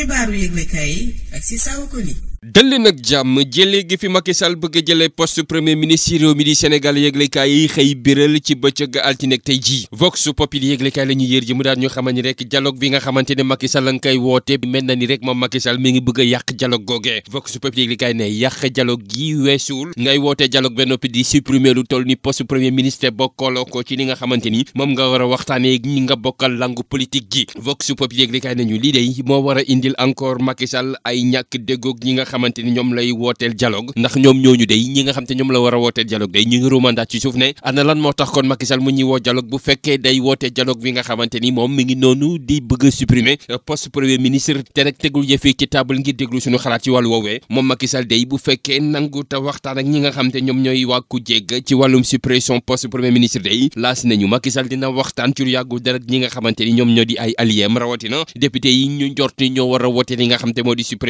xibaaru yëglekaay yi ak si saawu ko ni dalli nag jàmm jëlee gi fi Macky Sall bëgg a jëlee poste premier ministre réew mi di Sénégal yëglekaay yi xëy biral ci bëccëg altine ak tey jii Vox Populi yëglekaay la ñuy yër ji mu daal ñu xamal ni rek dialogue bi nga xamante ne Macky Sall nga koy woote mel na ni rek moom Macky Sall mi ngi bëgg a yàq dialogue googee Vox Populi yëglekaay ne yàq dialogue gi weesuwul ngay woote dialogue ba noppi di supprimer lu toll ni poste premier ministre bokkooloo ko ci li nga xamante ni moom nga war a waxtaanee ñi nga bokkal langu politique gi Vox Populi yëglekaay nañu lii de moo war a indil encore Macky Sall ay ay ñàkk déggoog ñi nga xamante ni ñoom lay wooteel dialogue ndax ñoom ñooñu day ñi nga xam ñoom a a euh, ñooy wàkku jégg ci wàllum suppression poste premier ministre day laas nañu Macky dina waxtaan ci lu yàggul dara ñi nga xamante ñoom ñoo di ay alliés rawatina député yi ñu njort ñoo war a wootee nga xam moo di supprimer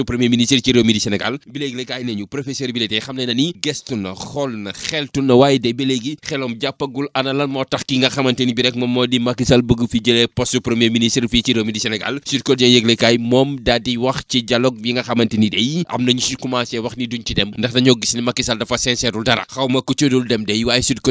gëstu premier ministre ci réew mi di Sénégal bi nañu professeur bi la tey ni gëstu na xool na xeltu na waaye de ba xelom jàppagul ana moo tax ki nga xamante bi rek moo di Macky bëgg fi jëlee poste premier ministre fii ci réew di Sénégal Sud Quotidien yëgle moom daal wax ci dialogue bi nga xamante ni day am nañu si commencé wax ni duñ ci dem ndax dañoo gis ni Macky dafa sincèreul dara xaw ku ci dul dem day waaye Sud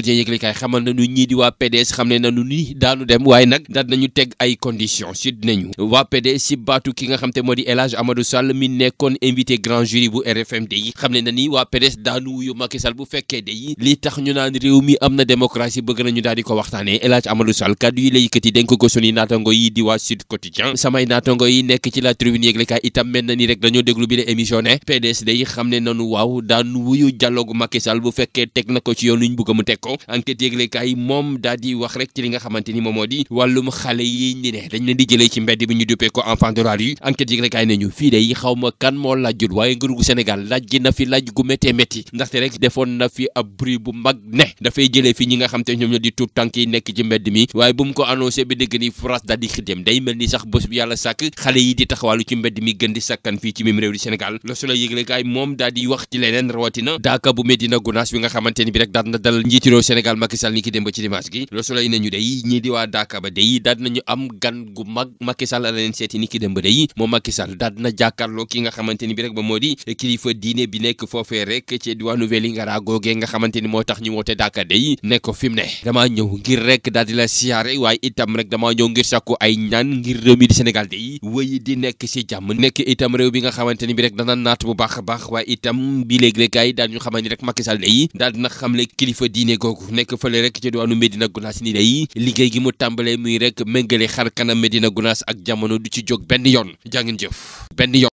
nekkoon invité grand jury bu RFM de yi xam ne na ni waa PDS daanu wuyu Macky bu fekkee de yi li tax ñu naan réew mi am na démocratie bëgg nañu daal di ko waxtaanee El Hadj Amadou Sall kàddu yi la yëkkati dénk ko suñuy naatango yi di waa Sud Quotidien samay naatango yi nekk ci la tribune yëglekaay itam mel na ni rek dañoo déglu bi la émission ne PDS de yi xam ne nanu waaw daanu wuyu dialogue Macky bu fekkee teg na ko ci yoon ñu bëgg mu teg ko enquête yëglekaay moom daal di wax rek xamante ni moom moo di wàllum xale yi ñi ne dañ leen di jëlee ci mbedd bi ñu duppee ko enfant de la rue ma kan moo laajut waaye nguur gu Sénégal laaj na fi laaj gu méttee métti ndaxte rek defoon na fi ab bu mag ne dafay jëlee fi ñi nga xam te di tuut tànk yi nekk ci mbedd mi gën di sàkkan fii ci mim réew di Sénégal Le yëglekaay moom daal wax ci leneen rawatina daaka bu Medina Gounass bi nga xamante ni bi rek daal dal njiitu réew Sénégal Macky ni ki démb ci dimanche gi Le Soleil nañu day ñii di waa daaka ba day daal nañu am gan la leen seeti ki nga xamante ni bi rek ba moo di kilifa diine bi nekk foofee rek ci diwaanu Vélingara googee nga xamante ni moo tax ñu woote Daaka day ne ko ne damaa ñëw ngir rek daal di la siyaare waaye itam rek damaa ñëw ngir sàkku ay ñaan ngir réew mi di Sénégal day wéy di nekk si jàmm nekk itam réew bi nga xamante ni bi rek dana naat bu baax a baax waaye itam bi léegi rek ay daal ñu xamante ni rek Macky Sall day daal dina xamle kilifa diine googu nekk fële rek ci diwaanu Medina ni day liggéey gi mu tàmbalee muy rek méngale xar kanam Medina Gounass ak jamono du ci jóg benn yoon jàngeen jëf benn yoon